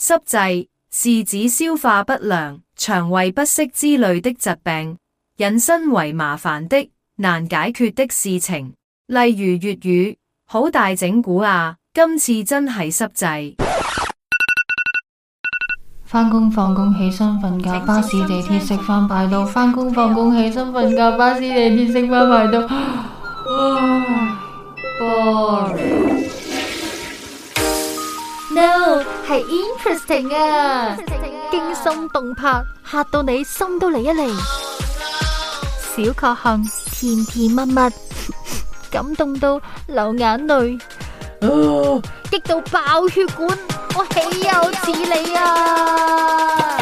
濕滯是指消化不良、腸胃不適之類的疾病，引申為麻煩的、難解決的事情。例如粵語好大整蠱啊，今次真係濕滯。翻工放工，起身瞓覺，巴士地鐵食飯排隊，翻工放工，起身瞓覺，巴士地鐵食飯排隊。啊，boring No。係 interesting 啊！驚心動魄，吓到你心都嚟一嚟。小確幸，甜甜蜜蜜，感動到流眼淚，激到爆血管，我豈有此理啊！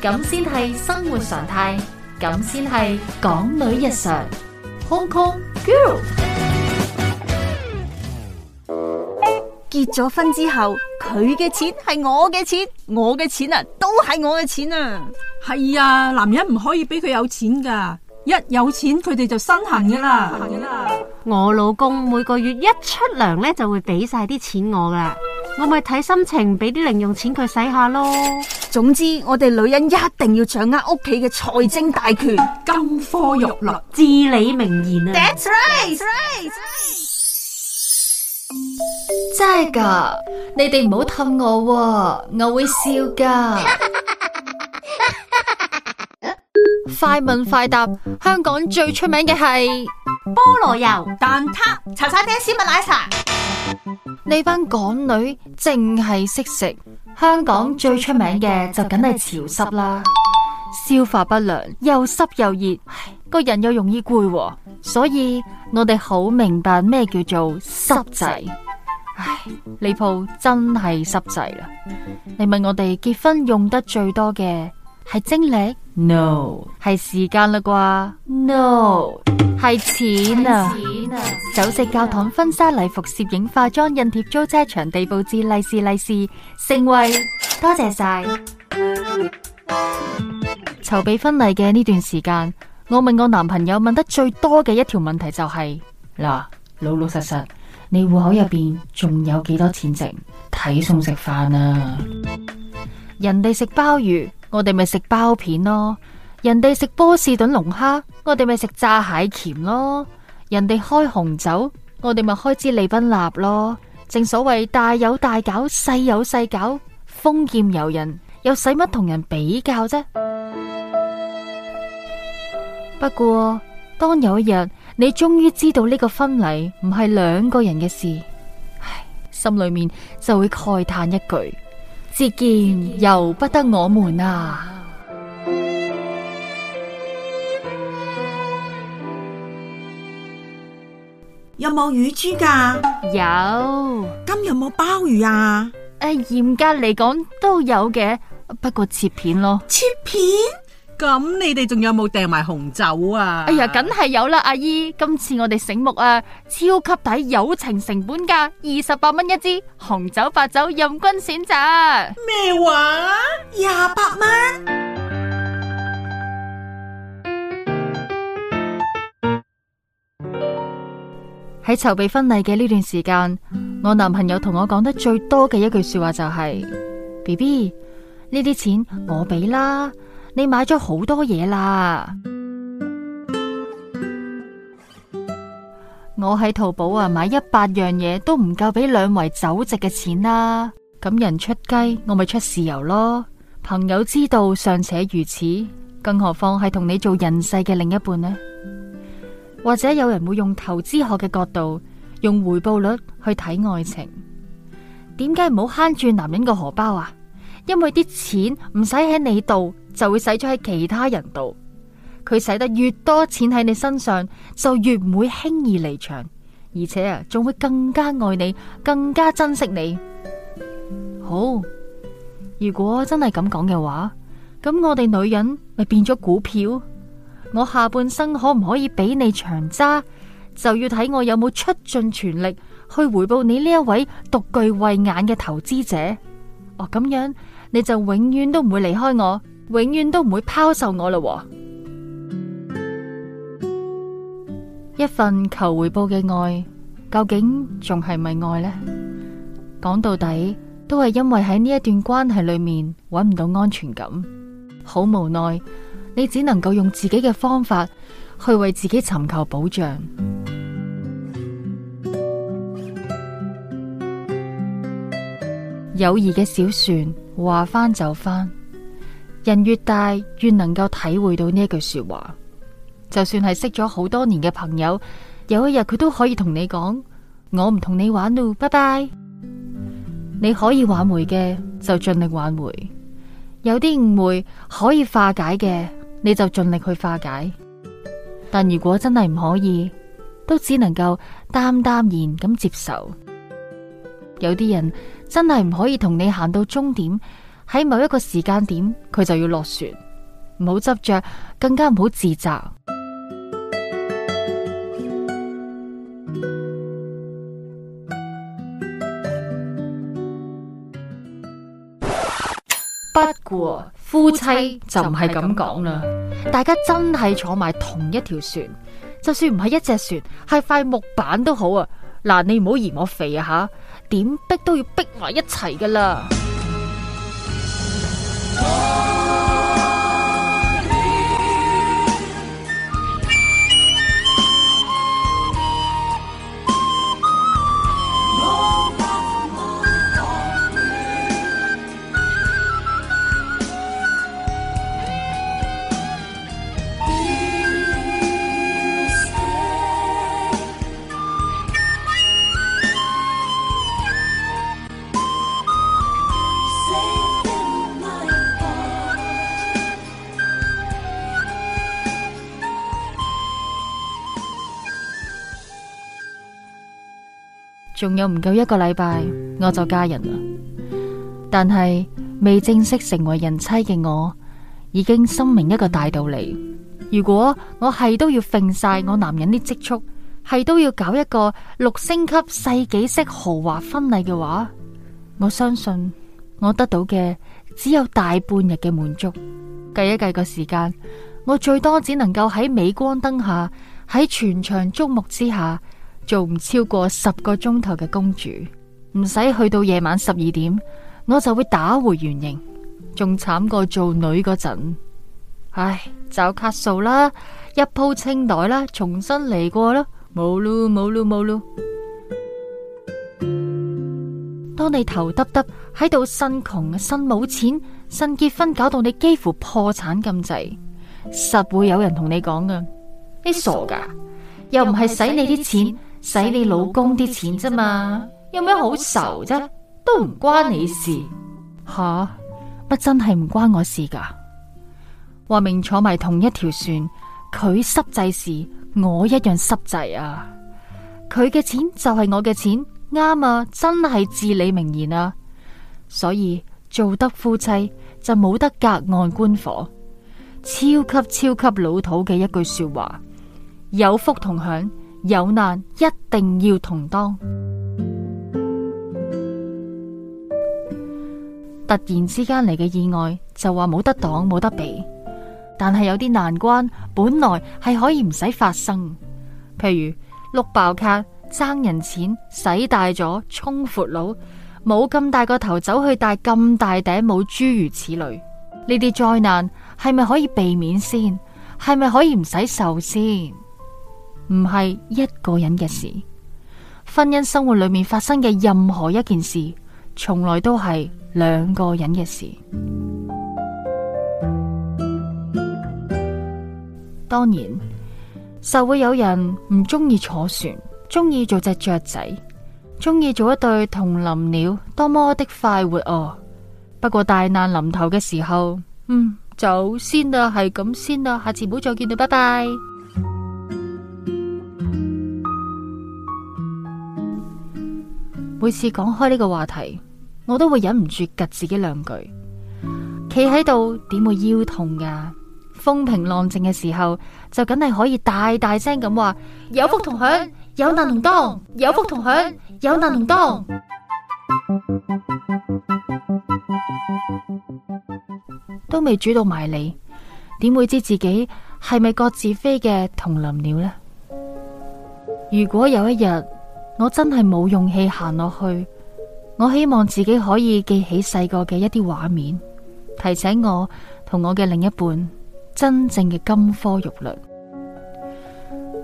咁先係生活常態，咁先係港女日常，Hong Kong Girl。結咗婚之後，佢嘅錢係我嘅錢，我嘅錢啊，都係我嘅錢啊。係啊，男人唔可以俾佢有錢噶，一有錢佢哋就身痕噶啦。我老公每個月一出糧咧，就會俾晒啲錢我噶，我咪睇心情俾啲零用錢佢使下咯。總之，我哋女人一定要掌握屋企嘅財政大權，金科玉律，至理名言啊。That's right, that's right. 真係噶，你哋唔好氹我、啊，我會笑噶。 快問快答，香港最出名嘅係菠蘿油、蛋撻、茶餐廳、絲襪奶茶。呢班 港女淨係識食，香港最出名嘅就梗係潮濕啦， 消化不良，又濕又熱。 個人又容易攰，哦，所以我哋好明白咩叫做濕滯。唉，呢鋪真係濕滯啦！你問我哋結婚用得最多嘅係精力？No，係時間啦啩？No，係錢啊！錢啊，酒席教堂、婚紗、禮服、攝影、化妝、印帖、租車、場地佈置、利是、利是、盛惠，多謝晒！籌備婚禮嘅呢段時間。我問我男朋友問得最多嘅一條問題就係、是、嗱，老老實實，你戶口入邊仲有幾多錢剩？睇餸食飯啊！人哋食鮑魚，我哋咪食鮑片咯；人哋食波士頓龍蝦，我哋咪食炸蟹鉗咯；人哋開紅酒，我哋咪開支利賓納咯。正所謂大有大搞，細有細搞，豐儉由人，又使乜同人比較啫？不過，當有一日你終於知道呢個婚禮唔係兩個人嘅事唉，心裏面就會慨嘆一句：自見由不得我們啊！有冇乳豬噶？有。今日冇鮑魚啊？誒，嚴格嚟講都有嘅，不過切片咯。切片。咁你哋仲有冇訂埋紅酒啊？哎呀，梗係有啦，阿姨，今次我哋醒目啊，超級抵友情成本價二十八蚊一支紅酒白酒任君選擇。咩話？廿八蚊？喺籌備婚禮嘅呢段時間，我男朋友同我講得最多嘅一句說話就係：BB 呢啲錢我俾啦。你買咗好多嘢啦我、啊，我喺淘寶啊，買一百樣嘢都唔夠，俾兩圍酒席嘅錢啦。咁人出雞，我咪出豉油咯。朋友之道尚且如此，更何況係同你做人世嘅另一半呢？或者有人會用投資學嘅角度，用回報率去睇愛情。點解唔好慳住男人個荷包啊？因為啲錢唔使喺你度。就會使咗喺其他人度，佢使得越多錢喺你身上，就越唔會輕易離場，而且啊，仲會更加愛你，更加珍惜你。好，如果真係咁講嘅話，咁我哋女人咪變咗股票？我下半生可唔可以畀你長揸，就要睇我有冇出盡全力去回報你呢一位獨具慧眼嘅投資者。哦，咁樣你就永遠都唔會離開我。永遠都唔會拋售我啦。哦，一份求回報嘅愛，究竟仲係咪愛呢？講到底，都係因為喺呢一段關係裏面揾唔到安全感，好無奈，你只能夠用自己嘅方法去為自己尋求保障。友誼嘅小船，話翻就翻。人越大，越能夠體會到呢句說話。就算係識咗好多年嘅朋友，有一日佢都可以同你講：我唔同你玩咯，拜拜。你可以挽回嘅，就盡力挽回；有啲誤會可以化解嘅，你就盡力去化解。但如果真係唔可以，都只能夠淡淡然咁接受。有啲人真係唔可以同你行到終點。喺某一個時間點，佢就要落船，唔好執着，更加唔好自責。不過夫妻就唔係咁講啦， 大家真係坐埋同一條船，就算唔係一隻船，係塊木板都好啊。嗱，你唔好嫌我肥啊吓，點逼都要逼埋一齊噶啦。仲有唔夠一個禮拜，我就嫁人啦。但係未正式成為人妻嘅我，已經深明一個大道理：如果我係都要揈晒我男人啲積蓄，係都要搞一個六星級世紀式豪華婚禮嘅話，我相信我得到嘅只有大半日嘅滿足。計一計個時間，我最多只能夠喺鎂光燈下，喺全場矚目之下，做唔超過十個鐘頭嘅公主，唔使去到夜晚十二點，我就會打回原形，仲慘過做女嗰陣。唉，找卡數啦，一鋪清袋啦，重新嚟過啦，冇咯冇咯冇咯。當你頭耷耷喺度，呻窮呻冇錢，新結婚搞到你幾乎破產咁滯，實會有人同你講㗎，你傻㗎，又唔係使你啲錢。使你老公啲錢啫嘛，有咩好愁啫？都唔關你事。吓、啊，乜真係唔關我事噶？話明坐埋同一條船，佢濕滯時，我一樣濕滯啊！佢嘅錢就係我嘅錢，啱啊！真係至理名言啊！所以做得夫妻就冇得隔岸觀火，超級超級老土嘅一句說話，有福同享，有難一定要同當，突然之間嚟嘅意外就話冇得擋冇得避，但係有啲難關本來係可以唔使發生，譬如碌爆卡、爭人錢、使大咗、冲闊佬、冇咁大個頭走去帶咁大頂帽、諸如此類，呢啲災難係咪可以避免先？係咪可以唔使受先？唔係一個人嘅事，婚姻生活裏面發生嘅任何一件事，從來都係兩個人嘅事。 當然，就會有人唔中意坐船，中意做隻雀仔，中意做一對同林鳥，多麼的快活哦！不過大難臨頭嘅時候，嗯，走先啦，係咁先啦，下次唔好再見啦，拜拜。每次講開呢個話題，我都會忍唔住㓤自己兩句。企喺度點會腰痛噶？風平浪靜嘅時候，就梗係可以大大聲咁話：有福同享，有難同當；有福同享，有難同當。都未煮到埋你，點會知自己係咪各自飛嘅同林鳥呢？如果有一日，我真係冇勇氣行落去，我希望自己可以記起細個嘅一啲畫面，提醒我同我嘅另一半真正嘅金科玉律。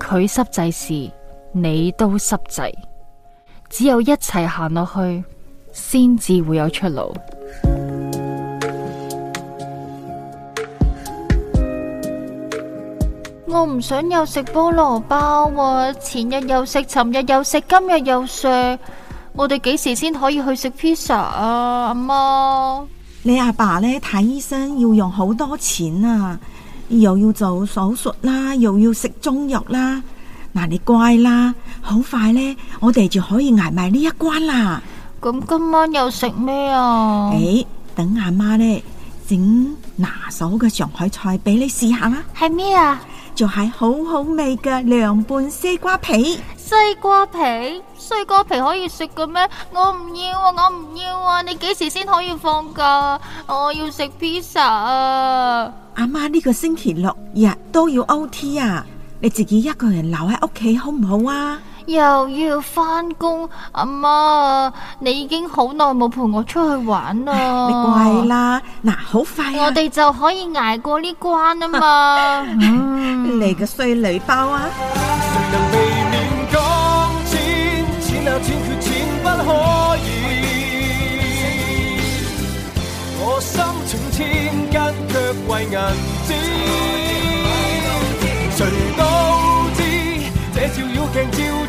佢濕滯時，你都濕滯，只有一齊行落去，先至會有出路。我唔想又食菠蘿包喎、啊，前日又食，尋日又食，今日又食。我哋幾時先可以去食 pizza 啊？阿媽，你阿爸咧，睇醫生要用好多錢啊，又要做手術啦，又要食中藥啦。嗱，你乖啦，好快呢，我哋就可以挨埋呢一關啦。咁今晚又食咩啊？誒，等阿媽、媽呢，整拿手嘅上海菜俾你試下啦。係咩啊？就係好好味嘅涼拌西瓜皮。西瓜皮，西瓜皮可以食嘅咩？我唔要啊！我唔要啊！你幾時先可以放假？我要食披薩啊！阿媽呢個星期六日都要 OT 啊！你自己一個人留喺屋企好唔好啊？又要翻工，阿媽你已經好耐冇陪我出去玩啦、啊。你乖啦，嗱、啊，好快、啊、我哋就可以捱過呢關啊嘛。 嗯、 你個衰女包啊！誰都